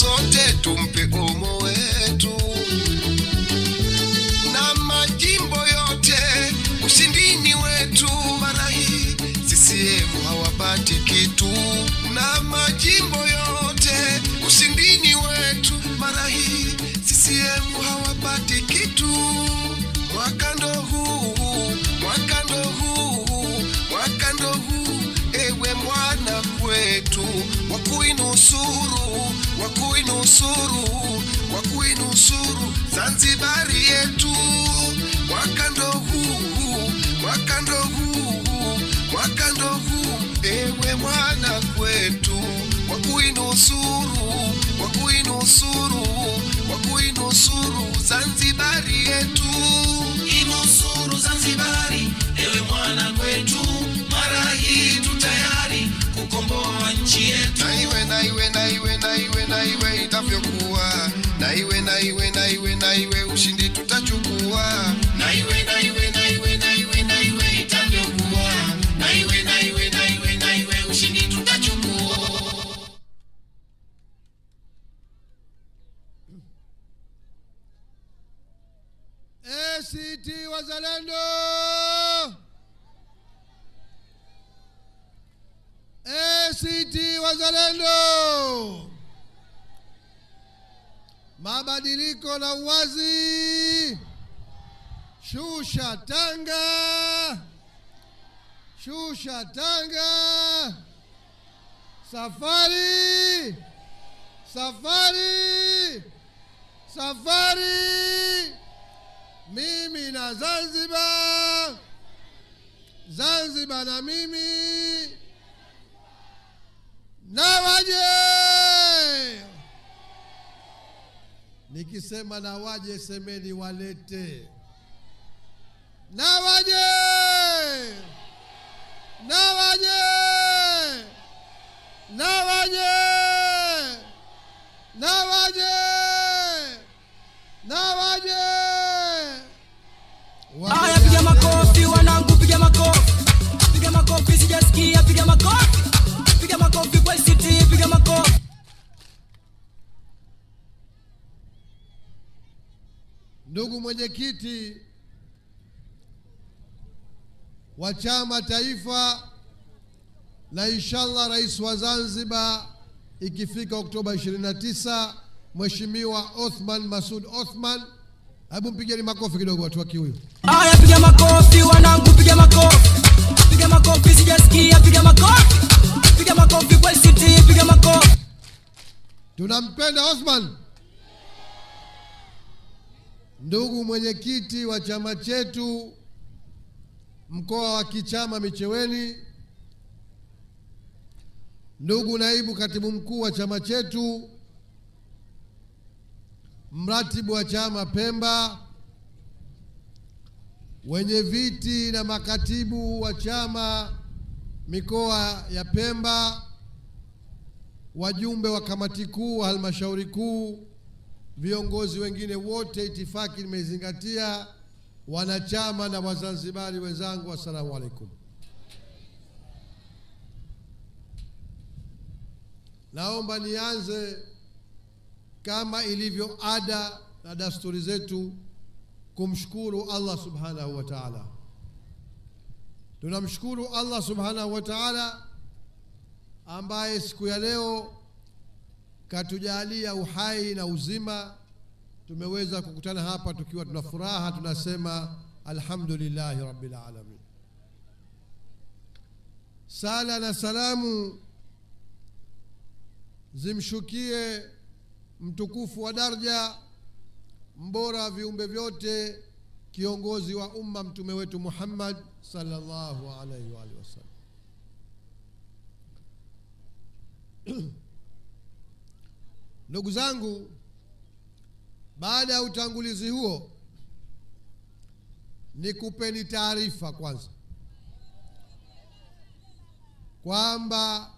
zote tumpe umo wetu kuinusuru, kwa kuinusuru Zanzibari yetu. mabadiliko na uwazi. Shusha tanga, shusha tanga. Safari, safari, safari. Mimi na Zanzibar, Zanzibar na mimi na waje Nikisema na waje, semeni walete. Na waje, na waje, na waje. Ndugu mwenyekiti wa chama taifa, na inshallah rais wa Zanzibar ikifika Oktoba 29, Mheshimiwa Othman Masud Othman. Hebu mpigeni makofi kidogo watu wake huyu. Haya, piga makofi wanangu, piga makofi, piga makofi, sijasikia. Piga makofi, piga makofi kwa city, piga makofi. Tunampenda Othman. Ndugu mwenyekiti wa chama chetu mkoa wa kichama Micheweni, ndugu naibu katibu mkuu wa chama chetu, mratibu wa chama Pemba, wenye viti na makatibu wa chama mikoa ya Pemba, wajumbe wa kamati kuu wa halmashauri kuu viongozi wengine wote, itifaki limezingatia. Wanachama na Wazanzibari wenzangu, assalamu alaikum. Naomba nianze kama ilivyo ada na dasturi zetu kumshukuru Allah subhanahu wa ta'ala. Tunamshukuru Allah subhanahu wa ta'ala ambaye siku ya leo katujalia uhai na uzima. Tumeweza kukutana hapa tukiwa tuna furaha, tunasema alhamdulillahi rabbil alamin. Sala na salamu zimshukie mtukufu wa daraja mbora wa viumbe vyote, kiongozi wa umma, mtume wetu Muhammad sallallahu alaihi wa alihi wasallam Ndugu zangu, baada ya utangulizi huo, nikupeni taarifa kwanza kwamba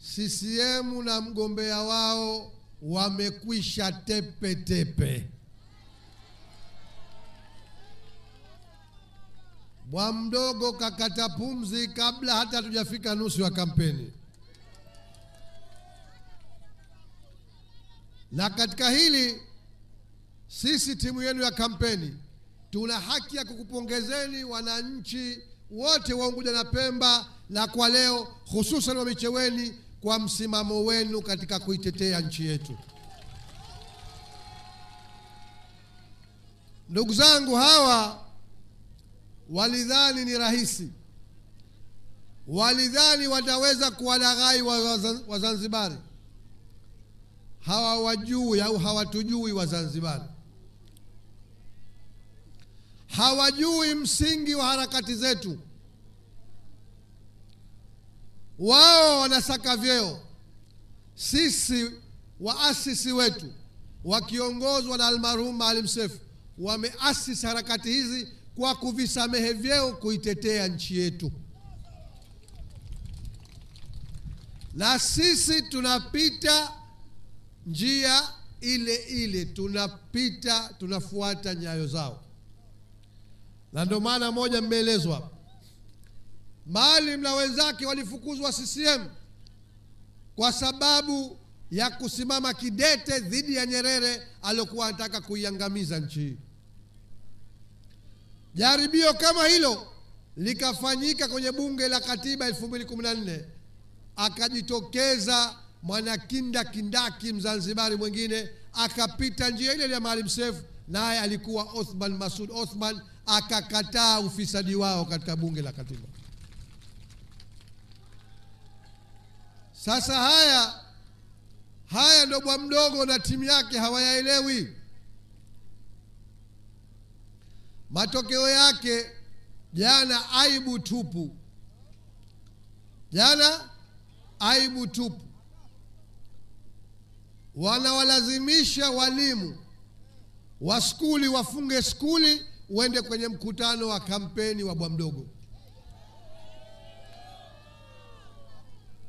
CCM na mgombea wao wamekwisha tepe tepe. Bwa mdogo kakata pumzi kabla hata tujafika nusu ya kampeni. Na katika hili sisi timu yenu ya kampeni tuna haki ya kukupongezeni wananchi wote wa Unguja na Pemba na kwa leo hususan wa Micheweni kwa msimamo wenu katika kuitetea nchi yetu. Ndugu zangu, hawa walidhani ni rahisi, walidhani wataweza kuwalaghai Wazanzibari hawawajui au hawatujui Wazanzibari, hawajui msingi wa harakati zetu. Wao wanasaka vyeo, sisi waasisi wetu wakiongozwa na almarhum Maalim Seif wameasisi harakati hizi kwa kuvisamehe vyeo, kuitetea nchi yetu na sisi tunapita njia ile ile, tunapita tunafuata nyayo zao. Na ndio maana moja mmeelezwa Maalim na wenzake walifukuzwa CCM kwa sababu ya kusimama kidete dhidi ya Nyerere aliyokuwa anataka kuiangamiza nchi hii. Jaribio kama hilo likafanyika kwenye bunge la katiba 2014 akajitokeza mwanakindakindaki Mzanzibari mwingine akapita njia ile ile ya Maalim Seif, naye alikuwa Othman Masud Othman, akakataa ufisadi wao katika bunge la katiba. Sasa haya haya ndo bwa mdogo na timu yake hawayaelewi. Matokeo yake jana, aibu tupu. Jana aibu tupu wanawalazimisha walimu wa skuli wafunge skuli uende kwenye mkutano wa kampeni wa bwa mdogo.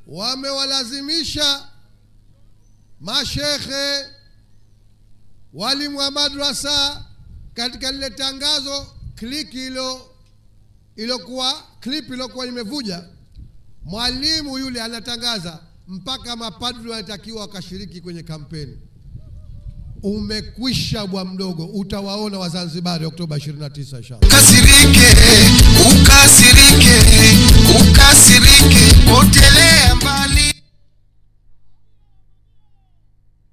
Wamewalazimisha mashekhe, walimu wa madrasa katika lile tangazo click hilo ilokuwa klip ilokuwa imevuja, mwalimu yule anatangaza mpaka mapadri wanatakiwa wakashiriki kwenye kampeni. Umekwisha bwa mdogo, utawaona Wazanzibari Oktoba 29 inshallah. Ukasirike, ukasirike, ukasirike, potelea mbali.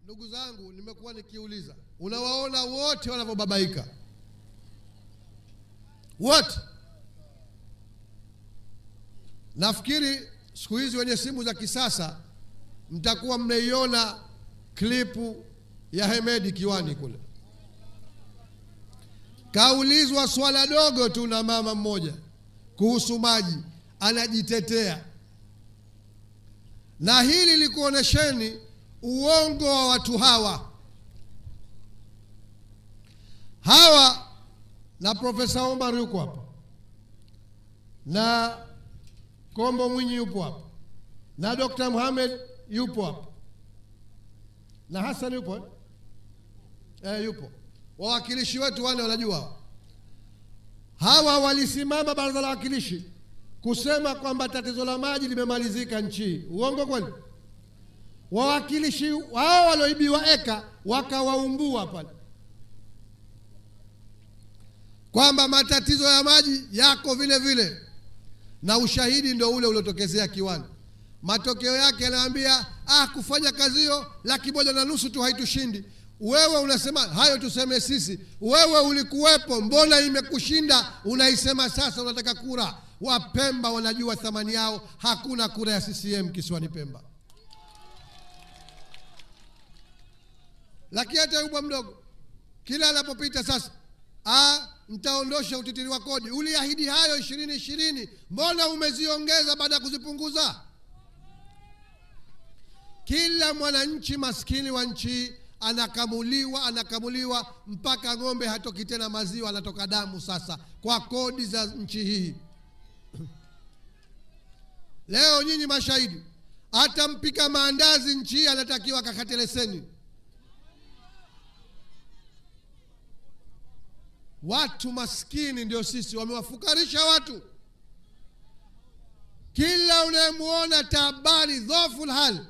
Ndugu zangu, nimekuwa nikiuliza, unawaona wote wanavyobabaika wote. Nafikiri siku hizi wenye simu za kisasa mtakuwa mmeiona klipu ya Hemedi kiwani kule, kaulizwa swala dogo tu na mama mmoja kuhusu maji, anajitetea. Na hili likuonesheni uongo wa watu hawa hawa, na Profesa Omar yuko hapa na Kombo Mwinyi yupo hapa na Dr. Mohamed yupo hapa na Hassan yupo eh? eh? yupo wawakilishi wetu wale wanajua hawa walisimama baraza la wawakilishi kusema kwamba tatizo la maji limemalizika nchi. Uongo kweli? Wawakilishi hao walioibiwa eka wakawaumbua pale kwamba matatizo ya maji yako vile vile, na ushahidi ndio ule uliotokezea Kiwani. Matokeo yake anaambia ah, kufanya kazi hiyo laki moja na nusu tu haitushindi. Wewe unasema hayo, tuseme sisi, wewe ulikuwepo, mbona imekushinda? Unaisema sasa unataka kura. Wapemba wanajua thamani yao, hakuna kura ya CCM kisiwani Pemba. Lakini hata ubwa mdogo kila anapopita sasa, ah, mtaondosha utitiri wa kodi. Uliahidi hayo ishirini ishirini, mbona umeziongeza baada ya kuzipunguza? Kila mwananchi maskini wa nchi anakamuliwa, anakamuliwa mpaka ng'ombe hatoki tena maziwa, anatoka damu. Sasa kwa kodi za nchi hii leo, nyinyi mashahidi, hata mpika maandazi nchi hii anatakiwa kakate leseni. Watu maskini ndio sisi, wamewafukarisha watu. Kila unayemwona tabari dhoful hali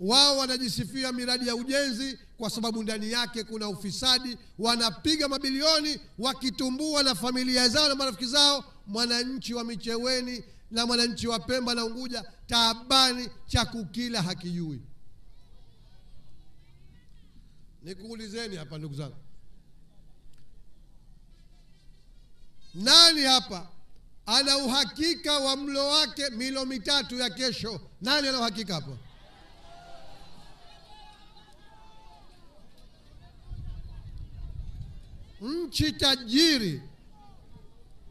wao wanajisifia miradi ya ujenzi kwa sababu ndani yake kuna ufisadi. Wanapiga mabilioni wakitumbua na familia zao na marafiki zao, mwananchi wa Micheweni na mwananchi wa Pemba na Unguja taabani, cha kukila hakijui. Nikuulizeni hapa ndugu zangu, nani hapa ana uhakika wa mlo wake milo mitatu ya kesho? Nani ana uhakika hapa? Nchi tajiri,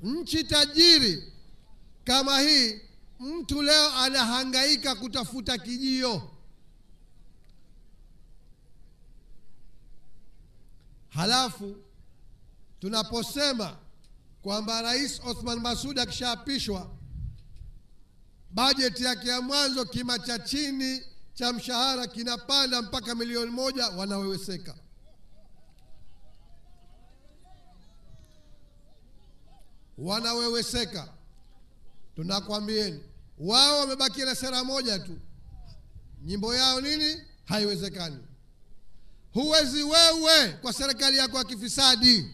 nchi tajiri kama hii, mtu leo anahangaika kutafuta kijio, halafu tunaposema kwamba Rais Othman Masud akishaapishwa bajeti yake ya mwanzo kima cha chini cha mshahara kinapanda mpaka milioni moja, wanaweweseka. wanaweweseka. Tunakwambieni, wao wamebakia na sera moja tu, nyimbo yao nini? Haiwezekani. Huwezi wewe kwa serikali yako ya kifisadi.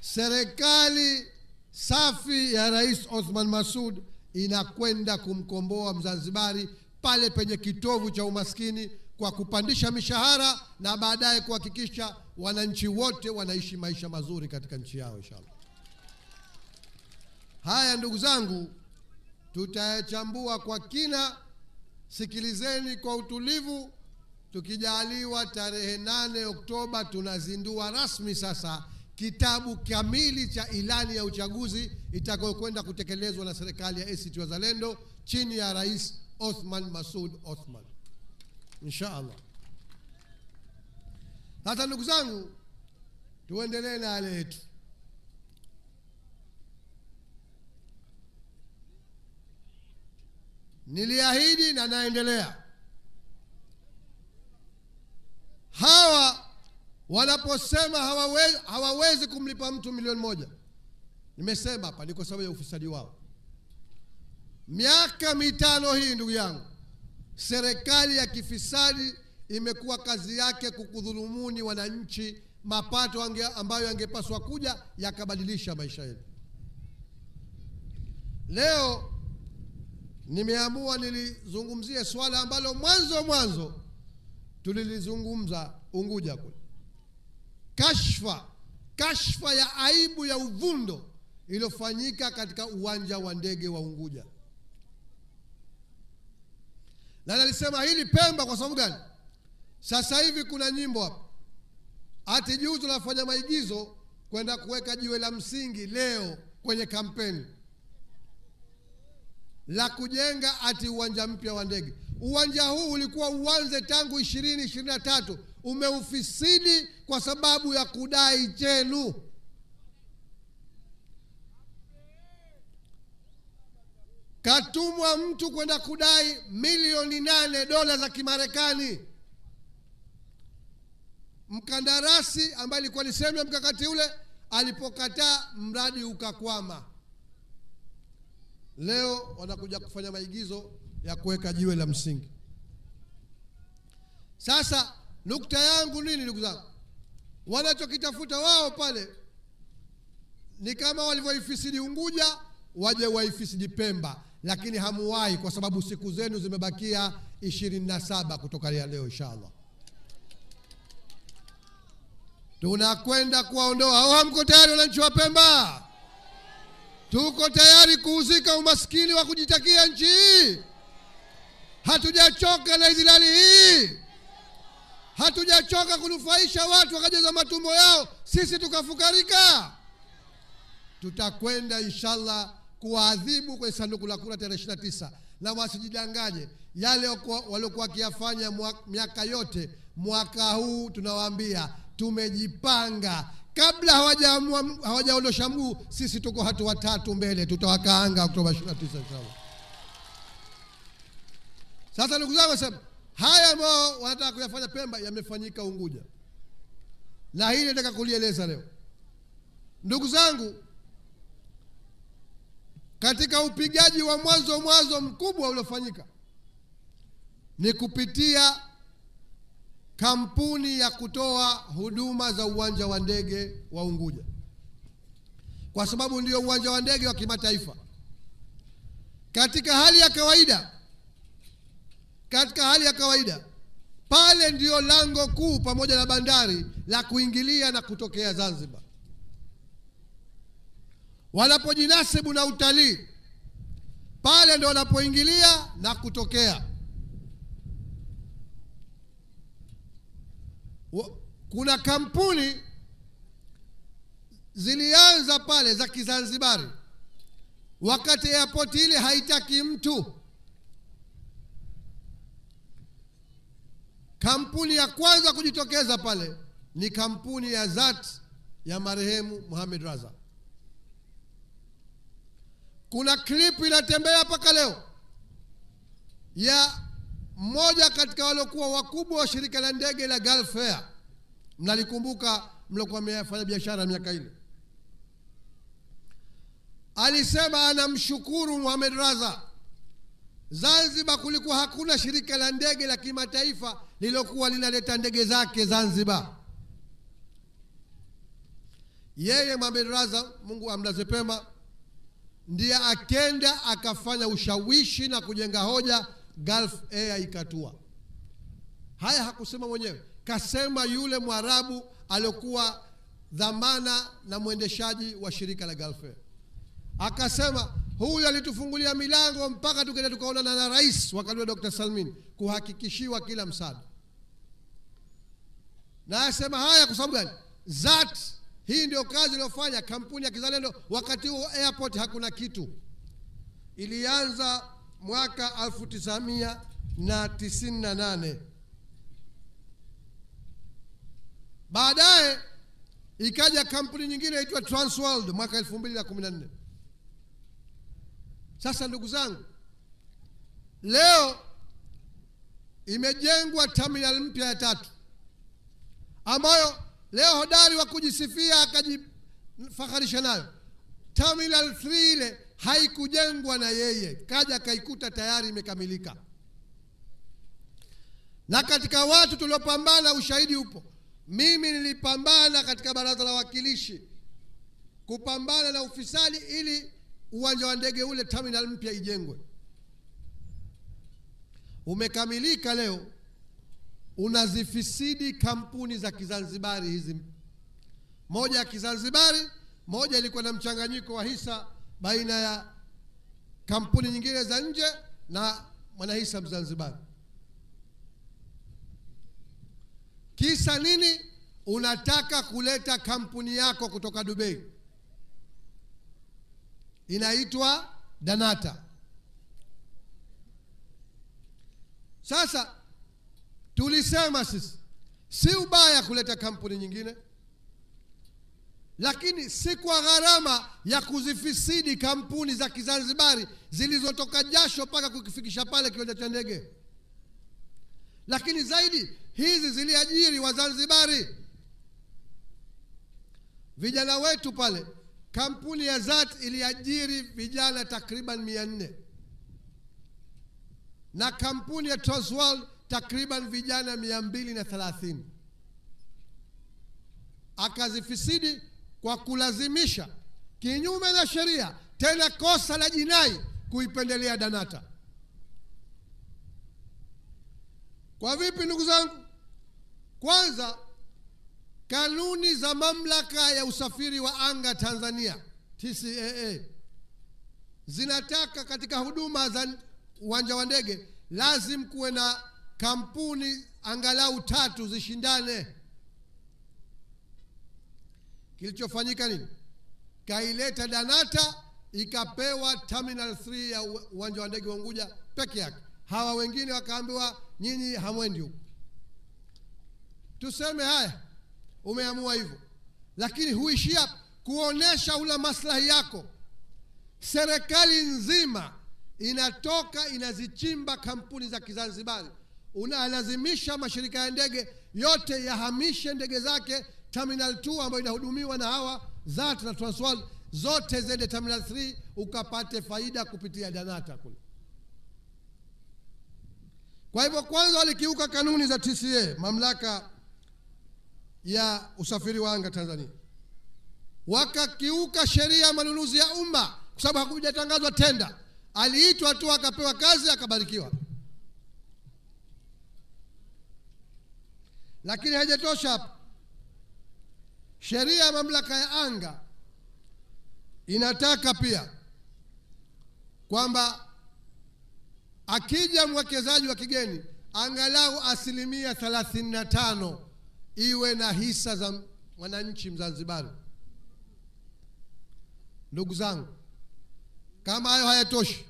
Serikali safi ya Rais Othman Masud inakwenda kumkomboa Mzanzibari pale penye kitovu cha umaskini kwa kupandisha mishahara na baadaye kuhakikisha wananchi wote wanaishi maisha mazuri katika nchi yao inshallah. Haya ndugu zangu, tutayachambua kwa kina. Sikilizeni kwa utulivu. Tukijaliwa tarehe 8 Oktoba tunazindua rasmi sasa kitabu kamili cha ilani ya uchaguzi itakayokwenda kutekelezwa na serikali ya ACT Wazalendo chini ya Rais Othman Masud Othman insha allah sasa ndugu zangu tuendelee na yale yetu niliahidi na naendelea hawa wanaposema hawawezi, hawawezi kumlipa mtu milioni moja nimesema hapa ni kwa sababu ya ufisadi wao miaka mitano hii ndugu yangu Serikali ya kifisadi imekuwa kazi yake kukudhulumuni wananchi, mapato ange, ambayo yangepaswa kuja yakabadilisha maisha yenu. Leo nimeamua nilizungumzie swala ambalo mwanzo mwanzo tulilizungumza Unguja kule, kashfa kashfa ya aibu ya uvundo iliyofanyika katika uwanja wa ndege wa Unguja na nalisema hili Pemba kwa sababu gani? Sasa hivi kuna nyimbo hapa ati juu tunafanya maigizo kwenda kuweka jiwe la msingi leo kwenye kampeni la kujenga ati uwanja mpya wa ndege. Uwanja huu ulikuwa uanze tangu ishirini ishirini na tatu umeufisidi kwa sababu ya kudai chenu. katumwa mtu kwenda kudai milioni nane dola za Kimarekani. Mkandarasi ambaye ilikuwa ni sehemu ya mkakati ule alipokataa, mradi ukakwama. Leo wanakuja kufanya maigizo ya kuweka jiwe la msingi. Sasa nukta yangu nini, ndugu zangu? Wanachokitafuta wao pale ni kama walivyoifisidi Unguja, waje waifisidi Pemba lakini hamuwahi kwa sababu siku zenu zimebakia ishirini na saba kutoka ya leo inshallah. Tunakwenda kuwaondoa au hamko tayari, wananchi wa Pemba? Tuko tayari kuuzika umaskini wa kujitakia nchi hii? Hatujachoka na idhilali hii, hatujachoka kunufaisha watu wakajaza matumbo yao, sisi tukafukarika. Tutakwenda inshallah kuadhibu kwenye sanduku la kura tarehe 29, na wasijidanganye yale waliokuwa wakiyafanya miaka yote. Mwaka huu tunawaambia tumejipanga, kabla hawajaondosha mguu, sisi tuko hatu watatu mbele, tutawakaanga Oktoba 29 inshallah. Sasa ndugu zangu, sema haya ambayo wanataka kuyafanya Pemba yamefanyika Unguja, na hili nataka kulieleza leo, ndugu zangu katika upigaji wa mwanzo mwanzo mkubwa uliofanyika ni kupitia kampuni ya kutoa huduma za uwanja wa ndege wa Unguja, kwa sababu ndio uwanja wa ndege wa kimataifa. Katika hali ya kawaida, katika hali ya kawaida pale ndiyo lango kuu pamoja na bandari la kuingilia na kutokea Zanzibar wanapojinasibu na utalii, pale ndo wanapoingilia na kutokea. Kuna kampuni zilianza pale za Kizanzibari wakati airport ile haitaki mtu. Kampuni ya kwanza kujitokeza pale ni kampuni ya Zat ya marehemu Mohamed Raza. Kuna klipu inatembea mpaka leo ya mmoja katika waliokuwa wakubwa wa shirika la ndege la Gulf Air, mnalikumbuka mliokuwa mmefanya biashara miaka ile. Alisema anamshukuru Mohamed Raza. Zanzibar kulikuwa hakuna shirika la ndege la kimataifa lililokuwa linaleta ndege zake Zanzibar. Yeye Mohamed Raza, Mungu amlaze pema ndiye akenda akafanya ushawishi na kujenga hoja, Gulf Air ikatua. Haya hakusema mwenyewe, kasema yule Mwarabu aliyokuwa dhamana na mwendeshaji wa shirika la Gulf Air, akasema huyu alitufungulia milango mpaka tukaenda tukaonana na rais wakati wa Dr. Salmin kuhakikishiwa kila msaada, na asema haya kwa sababu gani? zat hii ndio kazi iliyofanya kampuni ya Kizalendo. Wakati huo airport hakuna kitu, ilianza mwaka 1998 baadaye ikaja kampuni nyingine inaitwa Transworld mwaka 2014. Sasa ndugu zangu, leo imejengwa terminal mpya ya tatu ambayo leo hodari wa kujisifia akajifaharisha nayo. Terminal 3 ile haikujengwa na yeye, kaja akaikuta tayari imekamilika. Na katika watu tuliopambana, ushahidi upo. Mimi nilipambana katika baraza la wakilishi kupambana na ufisadi ili uwanja wa ndege ule terminal mpya ijengwe, umekamilika leo unazifisidi kampuni za Kizanzibari hizi, moja ya Kizanzibari, moja ilikuwa na mchanganyiko wa hisa baina ya kampuni nyingine za nje na mwanahisa Mzanzibari. Kisa nini? Unataka kuleta kampuni yako kutoka Dubai, inaitwa Danata. Sasa Tulisema sisi si ubaya kuleta kampuni nyingine, lakini si kwa gharama ya kuzifisidi kampuni za Kizanzibari zilizotoka jasho mpaka kukifikisha pale kiwanja cha ndege. Lakini zaidi hizi ziliajiri Wazanzibari, vijana wetu pale. Kampuni ya ZAT iliajiri vijana takriban mia nne na kampuni ya Transworld takriban vijana mia mbili na thelathini akazifisidi kwa kulazimisha kinyume na sheria, tena kosa la jinai kuipendelea Danata. Kwa vipi, ndugu zangu? Kwanza, kanuni za mamlaka ya usafiri wa anga Tanzania TCAA zinataka katika huduma za uwanja wa ndege lazim kuwe na kampuni angalau tatu zishindane. Kilichofanyika nini? Kaileta Danata ikapewa terminal 3 ya uwanja wa ndege wa Unguja peke yake, hawa wengine wakaambiwa nyinyi hamwendi huko. Tuseme haya, umeamua hivyo, lakini huishi hapa kuonesha ule maslahi yako. Serikali nzima inatoka inazichimba kampuni za Kizanzibari unalazimisha mashirika ya ndege yote yahamishe ndege zake terminal 2 ambayo inahudumiwa na hawa ZAT na Transworld zote zende terminal 3 ukapate faida kupitia Danata kule. Kwa hivyo, kwanza walikiuka kanuni za TCA, mamlaka ya usafiri wa anga Tanzania, wakakiuka sheria ya manunuzi ya umma kwa sababu hakujatangazwa tenda. Aliitwa tu akapewa kazi akabarikiwa. Lakini haijatosha hapa, sheria ya mamlaka ya anga inataka pia kwamba akija mwekezaji wa kigeni angalau asilimia 35 iwe na hisa za mwananchi Mzanzibari. Ndugu zangu, kama hayo hayatoshi,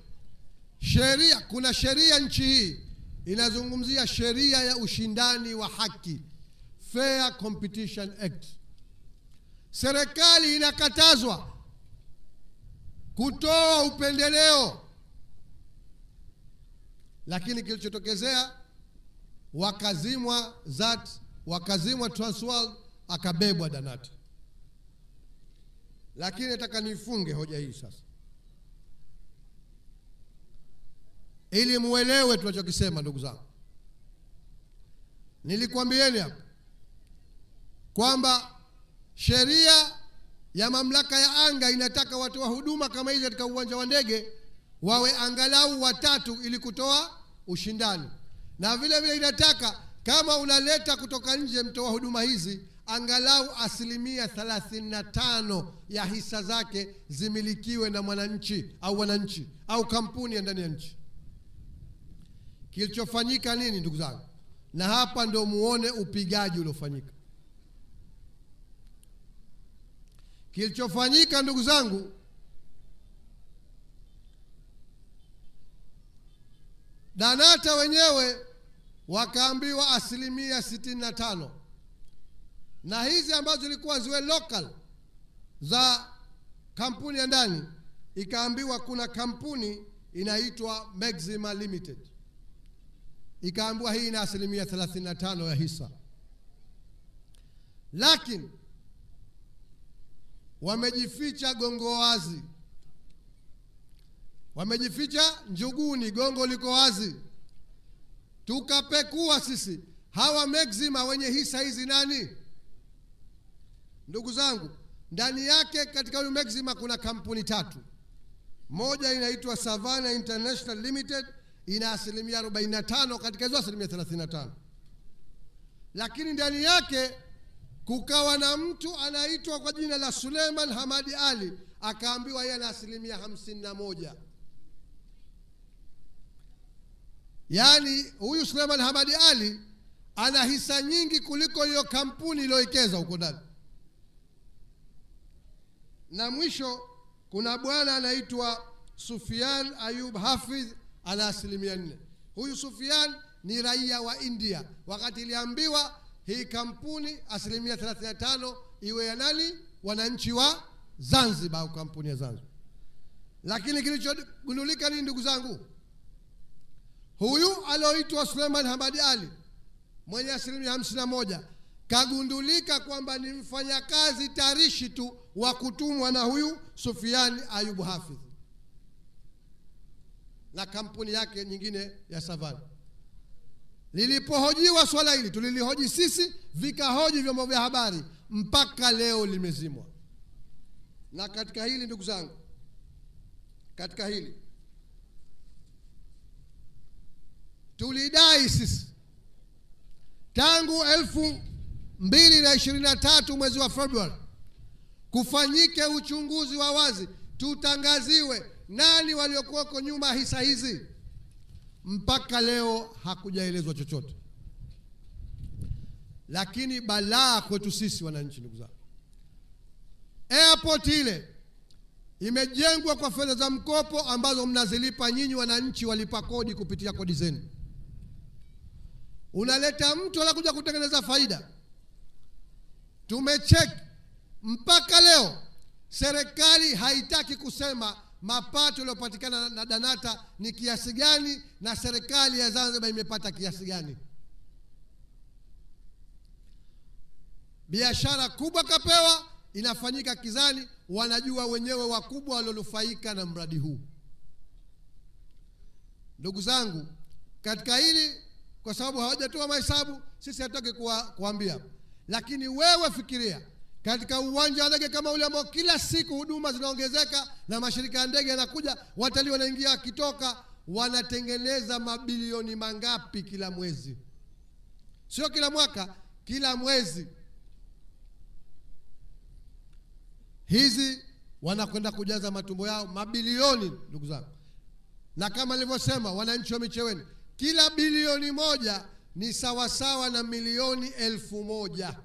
sheria kuna sheria nchi hii inazungumzia sheria ya ushindani wa haki, Fair Competition Act. Serikali inakatazwa kutoa upendeleo, lakini kilichotokezea wakazimwa ZAT, wakazimwa Transworld, akabebwa Danata. Lakini nataka nifunge hoja hii sasa ili muelewe tunachokisema. Ndugu zangu, nilikwambieni hapo kwamba sheria ya mamlaka ya anga inataka watoa huduma kama hizi katika uwanja wa ndege wawe angalau watatu ili kutoa ushindani, na vile vile inataka kama unaleta kutoka nje mtoa huduma hizi angalau asilimia tano ya hisa zake zimilikiwe na mwananchi au wananchi au kampuni ya ndani ya nchi. Kilichofanyika nini, ndugu zangu? Na hapa ndo muone upigaji uliofanyika. Kilichofanyika ndugu zangu, Danata wenyewe wakaambiwa asilimia 65 na tano na hizi ambazo zilikuwa ziwe local za kampuni ya ndani, ikaambiwa kuna kampuni inaitwa Maxima Limited ikaambiwa hii ina asilimia 35 ya hisa, lakini wamejificha gongo wazi, wamejificha njuguni, gongo liko wazi. Tukapekua sisi hawa Maxima wenye hisa hizi nani? Ndugu zangu, ndani yake katika huyu Maxima kuna kampuni tatu. Moja inaitwa Savana International Limited ina asilimia 45 katika hizo asilimia 35, lakini ndani yake kukawa na mtu anaitwa kwa jina la Suleiman Hamadi Ali akaambiwa yeye ana asilimia 51. Yaani huyu Suleiman Hamadi Ali ana hisa nyingi kuliko hiyo kampuni iliyowekeza huko ndani. Na mwisho kuna bwana anaitwa Sufian Ayub Hafidh ala asilimia nne. Huyu sufian ni raia wa India, wakati iliambiwa hii kampuni asilimia 35 iwe ya nani? Wananchi wa Zanzibar au kampuni ya Zanzibar. Lakini kilichogundulika ni ndugu zangu, huyu alioitwa Suleiman Hamadi Ali mwenye asilimia hamsini na moja kagundulika kwamba ni mfanyakazi tarishi tu wa kutumwa na huyu Sufiani Ayubu Hafidh na kampuni yake nyingine ya Savana. Lilipohojiwa swala hili, tulilihoji sisi, vikahoji vyombo vya habari, mpaka leo limezimwa. Na katika hili ndugu zangu, katika hili tulidai sisi tangu elfu mbili na ishirini na tatu mwezi wa Februari kufanyike uchunguzi wa wazi, tutangaziwe nani kwa nyuma hisa hizi? Mpaka leo hakujaelezwa chochote, lakini balaa kwetu sisi wananchi, ndugu zangu, airport ile imejengwa kwa fedha za mkopo ambazo mnazilipa nyinyi wananchi walipa kodi kupitia kodi zenu. Unaleta mtu anakuja kutengeneza faida. Tumecheki mpaka leo serikali haitaki kusema mapato yaliyopatikana na Danata ni kiasi gani na serikali ya Zanzibar imepata kiasi gani. Biashara kubwa kapewa, inafanyika kizani, wanajua wenyewe wakubwa walionufaika na mradi huu. Ndugu zangu, katika hili, kwa sababu hawajatoa mahesabu, sisi hatutaki kuwa, kuambia, lakini wewe fikiria katika uwanja wa ndege kama ule ambao kila siku huduma zinaongezeka na mashirika ya ndege yanakuja, watalii wanaingia, wakitoka wanatengeneza mabilioni mangapi kila mwezi? Sio kila mwaka, kila mwezi. Hizi wanakwenda kujaza matumbo yao mabilioni, ndugu zangu, na kama nilivyosema, wananchi wa Micheweni, kila bilioni moja ni sawasawa na milioni elfu moja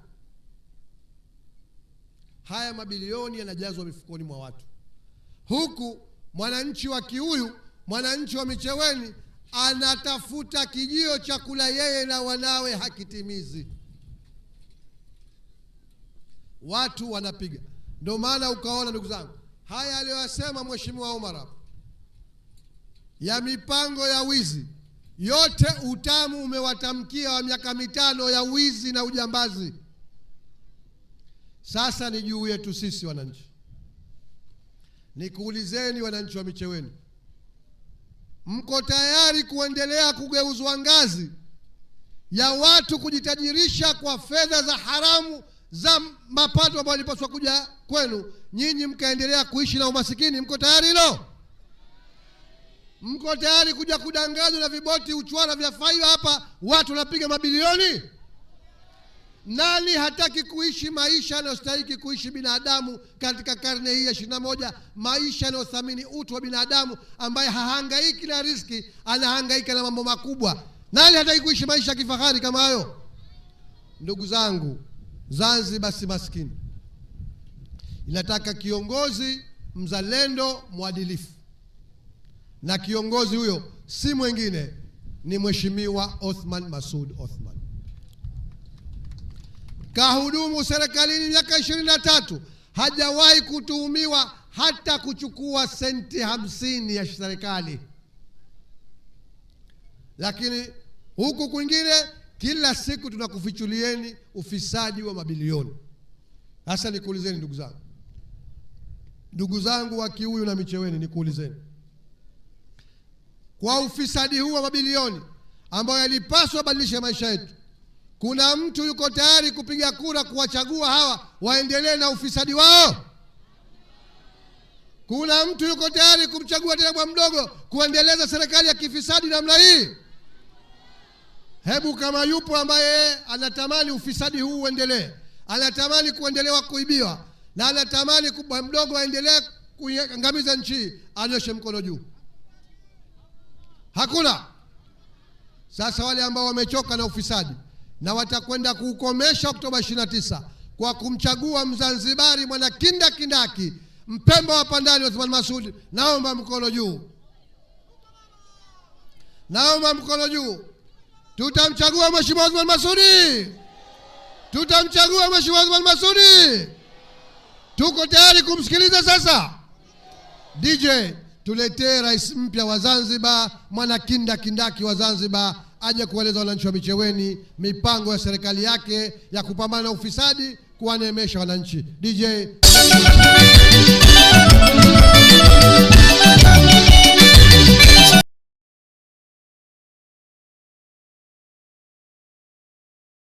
haya mabilioni yanajazwa mifukoni mwa watu, huku mwananchi wa Kiuyu, mwananchi wa Micheweni anatafuta kijio cha kula yeye na wanawe, hakitimizi. Watu wanapiga. Ndio maana ukaona, ndugu zangu, haya aliyoyasema Mheshimiwa Omar hapo ya mipango ya wizi yote, utamu umewatamkia wa miaka mitano ya wizi na ujambazi. Sasa ni juu yetu sisi wananchi. Nikuulizeni wananchi wa Micheweni, mko tayari kuendelea kugeuzwa ngazi ya watu kujitajirisha kwa fedha za haramu za mapato ambayo yalipaswa kuja kwenu, nyinyi mkaendelea kuishi na umasikini? Mko tayari hilo? Mko tayari kuja kudanganywa na viboti uchwara vya faiva hapa, watu wanapiga mabilioni? Nani hataki kuishi maisha yanayostahili kuishi binadamu katika karne hii ya ishirini na moja, maisha yanayothamini utu wa binadamu ambaye hahangaiki na riski, anahangaika na mambo makubwa. Nani hataki kuishi maisha ya kifahari kama hayo? Ndugu zangu, Zanzibar si maskini, inataka kiongozi mzalendo mwadilifu, na kiongozi huyo si mwingine, ni Mheshimiwa Othman Masud Othman kahudumu serikalini miaka ishirini na tatu hajawahi kutuhumiwa hata kuchukua senti hamsini ya serikali, lakini huku kwingine kila siku tunakufichulieni ufisadi wa mabilioni. Sasa nikuulizeni ndugu zangu, ndugu zangu wa Kiuyu na Micheweni, nikuulizeni kwa ufisadi huu wa mabilioni ambayo yalipaswa badilishe maisha yetu kuna mtu yuko tayari kupiga kura kuwachagua hawa waendelee na ufisadi wao? Kuna mtu yuko tayari kumchagua tena bwa mdogo kuendeleza serikali ya kifisadi namna hii? Hebu kama yupo ambaye anatamani ufisadi huu uendelee, anatamani kuendelewa kuibiwa na anatamani kubwa mdogo aendelee kuangamiza nchi hii, anyoshe mkono juu. Hakuna. Sasa wale ambao wamechoka na ufisadi na watakwenda kuukomesha Oktoba 29 kwa kumchagua Mzanzibari mwana kinda kindaki mpemba wa Pandani Othman Masudi. Naomba mkono juu, naomba mkono juu. Tutamchagua Mheshimiwa Othman Masudi, tutamchagua Mheshimiwa Othman Masudi. Tuko tayari kumsikiliza sasa. DJ, tuletee rais mpya wa Zanzibar, mwana kinda kindaki wa Zanzibar aje kueleza wananchi wa Micheweni mipango ya serikali yake ya kupambana na ufisadi, kuwaneemesha wananchi. DJ